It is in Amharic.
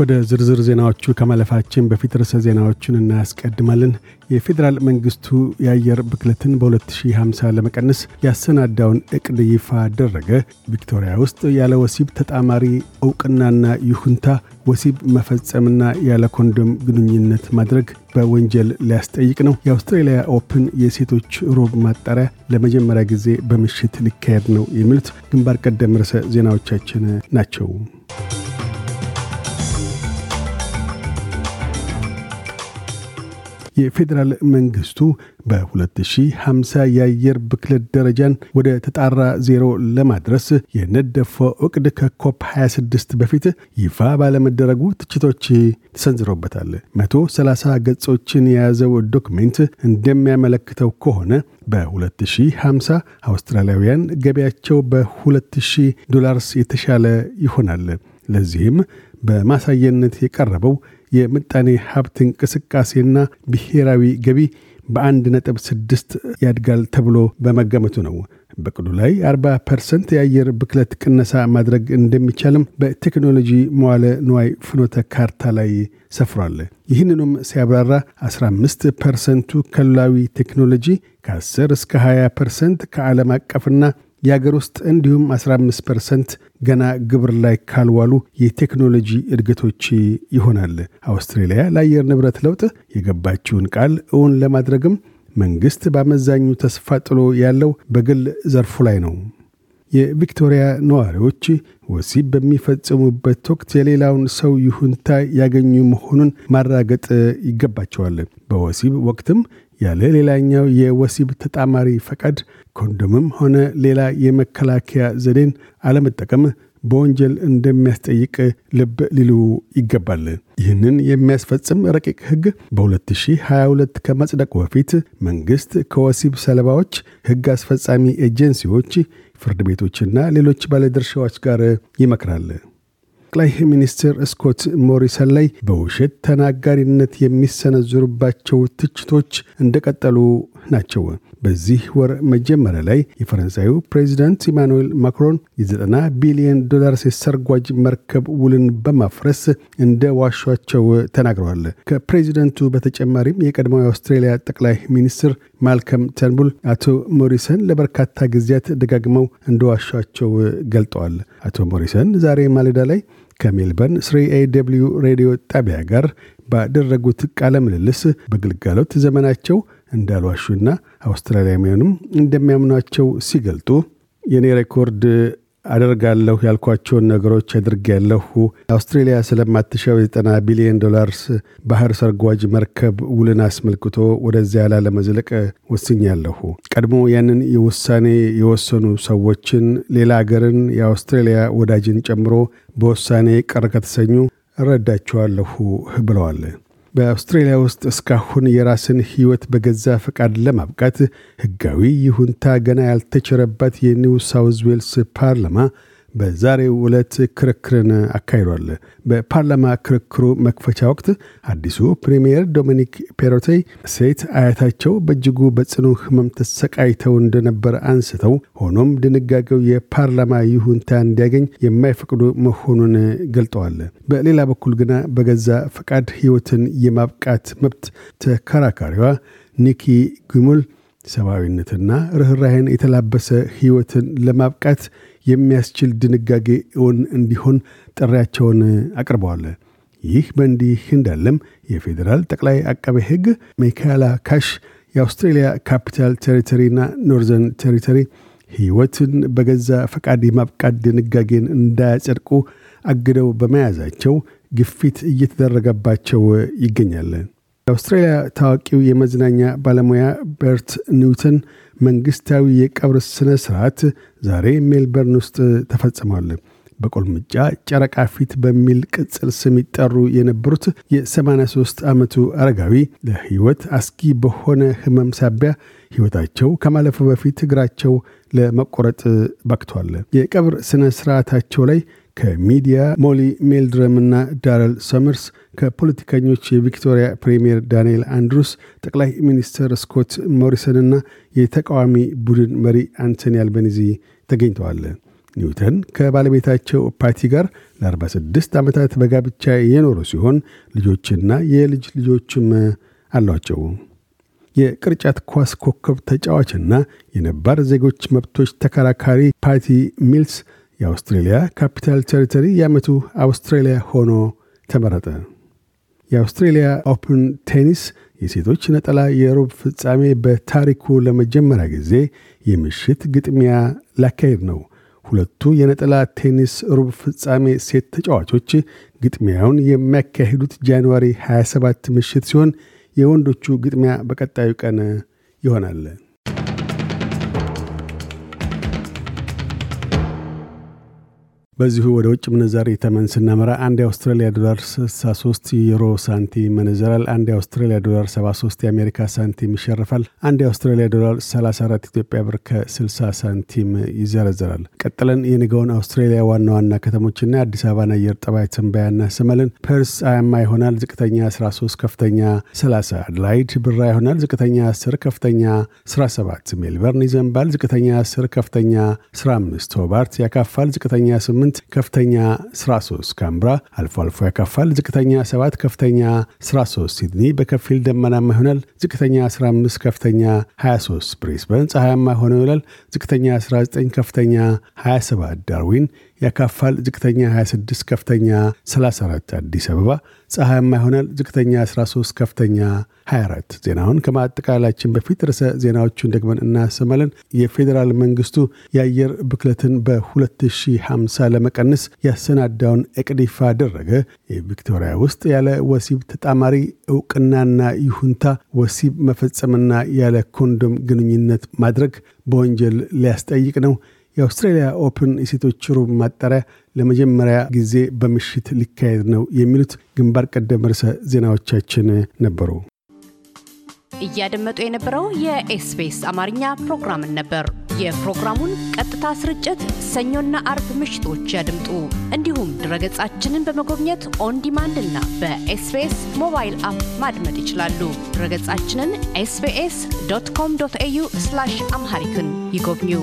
ወደ ዝርዝር ዜናዎቹ ከማለፋችን በፊት ርዕሰ ዜናዎቹን እናያስቀድማልን የፌዴራል መንግስቱ የአየር ብክለትን በ2050 ለመቀነስ ያሰናዳውን እቅድ ይፋ አደረገ። ቪክቶሪያ ውስጥ ያለ ወሲብ ተጣማሪ እውቅናና ይሁንታ ወሲብ መፈጸምና ያለ ኮንዶም ግንኙነት ማድረግ በወንጀል ሊያስጠይቅ ነው። የአውስትራሊያ ኦፕን የሴቶች ሩብ ማጣሪያ ለመጀመሪያ ጊዜ በምሽት ሊካሄድ ነው። የሚሉት ግንባር ቀደም ርዕሰ ዜናዎቻችን ናቸው። የፌዴራል መንግስቱ በ2050 የአየር ብክለት ደረጃን ወደ ተጣራ ዜሮ ለማድረስ የነደፈው እቅድ ከኮፕ 26 በፊት ይፋ ባለመደረጉ ትችቶች ተሰንዝሮበታል። 130 ገጾችን የያዘው ዶክሜንት እንደሚያመለክተው ከሆነ በ2050 አውስትራሊያውያን ገቢያቸው በ2000 ዶላርስ የተሻለ ይሆናል። ለዚህም በማሳያነት የቀረበው የምጣኔ ሀብት እንቅስቃሴና ብሔራዊ ገቢ በአንድ ነጥብ ስድስት ያድጋል ተብሎ በመገመቱ ነው። በቅዱ ላይ 40 ፐርሰንት የአየር ብክለት ቅነሳ ማድረግ እንደሚቻልም በቴክኖሎጂ መዋለ ንዋይ ፍኖተ ካርታ ላይ ሰፍሯል። ይህንኑም ሲያብራራ 15 ፐርሰንቱ ከሉላዊ ቴክኖሎጂ ከ10 እስከ 20 ፐርሰንት ከዓለም አቀፍና የአገር ውስጥ እንዲሁም 15 ፐርሰንት ገና ግብር ላይ ካልዋሉ የቴክኖሎጂ እድገቶች ይሆናል። አውስትሬልያ ለአየር ንብረት ለውጥ የገባችውን ቃል እውን ለማድረግም መንግሥት በአመዛኙ ተስፋ ጥሎ ያለው በግል ዘርፉ ላይ ነው። የቪክቶሪያ ነዋሪዎች ወሲብ በሚፈጽሙበት ወቅት የሌላውን ሰው ይሁንታ ያገኙ መሆኑን ማራገጥ ይገባቸዋል። በወሲብ ወቅትም ያለ ሌላኛው የወሲብ ተጣማሪ ፈቃድ ኮንዶምም ሆነ ሌላ የመከላከያ ዘዴን አለመጠቀም በወንጀል እንደሚያስጠይቅ ልብ ሊሉ ይገባል። ይህንን የሚያስፈጽም ረቂቅ ህግ በ2022 ከመጽደቁ በፊት መንግሥት ከወሲብ ሰለባዎች ሕግ አስፈጻሚ ኤጀንሲዎች፣ ፍርድ ቤቶችና ሌሎች ባለድርሻዎች ጋር ይመክራል። ጠቅላይ ሚኒስትር ስኮት ሞሪሰን ላይ በውሸት ተናጋሪነት የሚሰነዝሩባቸው ትችቶች እንደቀጠሉ ናቸው። በዚህ ወር መጀመሪያ ላይ የፈረንሳዩ ፕሬዚዳንት ኢማኑኤል ማክሮን የዘጠና ቢሊዮን ዶላርስ የሰርጓጅ መርከብ ውልን በማፍረስ እንደ ዋሿቸው ተናግረዋል። ከፕሬዚደንቱ በተጨማሪም የቀድሞው የአውስትሬልያ ጠቅላይ ሚኒስትር ማልከም ተንቡል አቶ ሞሪሰን ለበርካታ ጊዜያት ደጋግመው እንደዋሻቸው ገልጠዋል። አቶ ሞሪሰን ዛሬ ማለዳ ላይ ከሜልበርን ስሪ ኤw ሬዲዮ ጣቢያ ጋር ባደረጉት ቃለ ምልልስ በግልጋሎት ዘመናቸው እንዳልዋሹና አውስትራሊያውያንም እንደሚያምኗቸው ሲገልጡ የኔ ሬኮርድ አደርጋለሁ ያልኳቸውን ነገሮች ያለሁ አውስትሬሊያ ስለማትሻው የዘጠና ቢሊዮን ዶላርስ ባህር ሰርጓጅ መርከብ ውልን አስመልክቶ ወደዚያ ላለመዝለቅ ወስኛለሁ። ቀድሞ ያንን የውሳኔ የወሰኑ ሰዎችን ሌላ አገርን የአውስትሬሊያ ወዳጅን ጨምሮ በውሳኔ ቅር ከተሰኙ እረዳቸዋለሁ ብለዋል። በአውስትሬልያ ውስጥ እስካሁን የራስን ህይወት በገዛ ፈቃድ ለማብቃት ህጋዊ ይሁንታ ገና ያልተቸረባት የኒው ሳውዝ ዌልስ ፓርላማ በዛሬው ዕለት ክርክርን አካሂዷል። በፓርላማ ክርክሩ መክፈቻ ወቅት አዲሱ ፕሪምየር ዶሚኒክ ፔሮቴ ሴት አያታቸው በእጅጉ በጽኑ ህመም ተሰቃይተው እንደነበር አንስተው ሆኖም ድንጋጌው የፓርላማ ይሁንታ እንዲያገኝ የማይፈቅዱ መሆኑን ገልጠዋል። በሌላ በኩል ግና በገዛ ፈቃድ ህይወትን የማብቃት መብት ተከራካሪዋ ኒኪ ጉሙል ሰብአዊነትና ርኅራሄን የተላበሰ ሕይወትን ለማብቃት የሚያስችል ድንጋጌ እውን እንዲሆን ጥሪያቸውን አቅርበዋል። ይህ በእንዲህ እንዳለም የፌዴራል ጠቅላይ አቃቤ ሕግ ሚካኤላ ካሽ የአውስትሬልያ ካፒታል ቴሪተሪና ኖርዘርን ቴሪተሪ ሕይወትን በገዛ ፈቃድ የማብቃት ድንጋጌን እንዳያጸድቁ አግደው በመያዛቸው ግፊት እየተደረገባቸው ይገኛል። የአውስትራሊያ ታዋቂው የመዝናኛ ባለሙያ በርት ኒውተን መንግስታዊ የቀብር ስነ ስርዓት ዛሬ ሜልበርን ውስጥ ተፈጽሟል። በቆልምጫ ጨረቃ ፊት በሚል ቅጽል ስም ይጠሩ የነበሩት የ83 ዓመቱ አረጋዊ ለሕይወት አስጊ በሆነ ህመም ሳቢያ ሕይወታቸው ከማለፉ በፊት እግራቸው ለመቆረጥ በክቷል የቀብር ስነ ስርዓታቸው ላይ ከሚዲያ ሞሊ ሜልድረም እና ዳረል ሰመርስ ከፖለቲከኞች የቪክቶሪያ ፕሬምየር ዳንኤል አንድሩስ፣ ጠቅላይ ሚኒስትር ስኮት ሞሪሰንና የተቃዋሚ ቡድን መሪ አንቶኒ አልበኒዚ ተገኝተዋል። ኒውተን ከባለቤታቸው ፓቲ ጋር ለ46 ዓመታት በጋብቻ የኖሩ ሲሆን ልጆችና የልጅ ልጆችም አሏቸው። የቅርጫት ኳስ ኮከብ ተጫዋችና የነባር ዜጎች መብቶች ተከራካሪ ፓቲ ሚልስ የአውስትሬልያ ካፒታል ቴሪተሪ የዓመቱ አውስትሬልያ ሆኖ ተመረጠ። የአውስትሬልያ ኦፕን ቴኒስ የሴቶች ነጠላ የሩብ ፍጻሜ በታሪኩ ለመጀመሪያ ጊዜ የምሽት ግጥሚያ ላካሄድ ነው። ሁለቱ የነጠላ ቴኒስ ሩብ ፍጻሜ ሴት ተጫዋቾች ግጥሚያውን የሚያካሂዱት ጃንዋሪ 27 ምሽት ሲሆን የወንዶቹ ግጥሚያ በቀጣዩ ቀን ይሆናል። በዚሁ ወደ ውጭ ምንዛሪ ተመን ስናመራ አንድ የአውስትራሊያ ዶላር 63 ዩሮ ሳንቲም መነዘራል። አንድ የአውስትራሊያ ዶላር 73 የአሜሪካ ሳንቲም ይሸርፋል። አንድ የአውስትራሊያ ዶላር 34 ኢትዮጵያ ብር ከ60 ሳንቲም ይዘረዘራል። ቀጥለን የንጋውን አውስትራሊያ ዋና ዋና ከተሞችና የአዲስ አበባን አየር ጠባይ ትንበያና ስመልን። ፐርስ አያማ ይሆናል። ዝቅተኛ 13፣ ከፍተኛ 30። አድላይድ ብራ ይሆናል። ዝቅተኛ 10፣ ከፍተኛ 17። ሜልበርን ይዘንባል። ዝቅተኛ 10፣ ከፍተኛ 15። ሆባርት ያካፋል። ዝቅተኛ 8 ስምንት ከፍተኛ ስራ 3 ካምብራ አልፎ አልፎ ያካፋል። ዝቅተኛ ሰባት ከፍተኛ ስራ 3 ሲድኒ በከፊል ደመናማ ይሆናል። ዝቅተኛ 15 ከፍተኛ 23 ብሬስበን ፀሐያማ ሆኖ ይውላል። ዝቅተኛ 19 ከፍተኛ 27 ዳርዊን ያካፋል። ዝቅተኛ 26 ከፍተኛ 34 አዲስ አበባ ፀሐያማ ይሆናል። ዝቅተኛ 13፣ ከፍተኛ 24። ዜናውን ከማጠቃላችን በፊት ርዕሰ ዜናዎቹን ደግመን እናሰማለን። የፌዴራል መንግስቱ የአየር ብክለትን በ2050 ለመቀነስ ያሰናዳውን እቅድ ይፋ አደረገ። የቪክቶሪያ ውስጥ ያለ ወሲብ ተጣማሪ እውቅናና ይሁንታ ወሲብ መፈጸምና ያለ ኮንዶም ግንኙነት ማድረግ በወንጀል ሊያስጠይቅ ነው። የአውስትራሊያ ኦፕን የሴቶች ሩብ ማጣሪያ ለመጀመሪያ ጊዜ በምሽት ሊካሄድ ነው የሚሉት ግንባር ቀደም ርዕሰ ዜናዎቻችን ነበሩ። እያደመጡ የነበረው የኤስቢኤስ አማርኛ ፕሮግራምን ነበር። የፕሮግራሙን ቀጥታ ስርጭት ሰኞና አርብ ምሽቶች ያድምጡ። እንዲሁም ድረገጻችንን በመጎብኘት ኦንዲማንድ እና በኤስቢኤስ ሞባይል አፕ ማድመጥ ይችላሉ። ድረገጻችንን ኤስቢኤስ ኮም ዶት ኤዩ አምሃሪክን ይጎብኙ።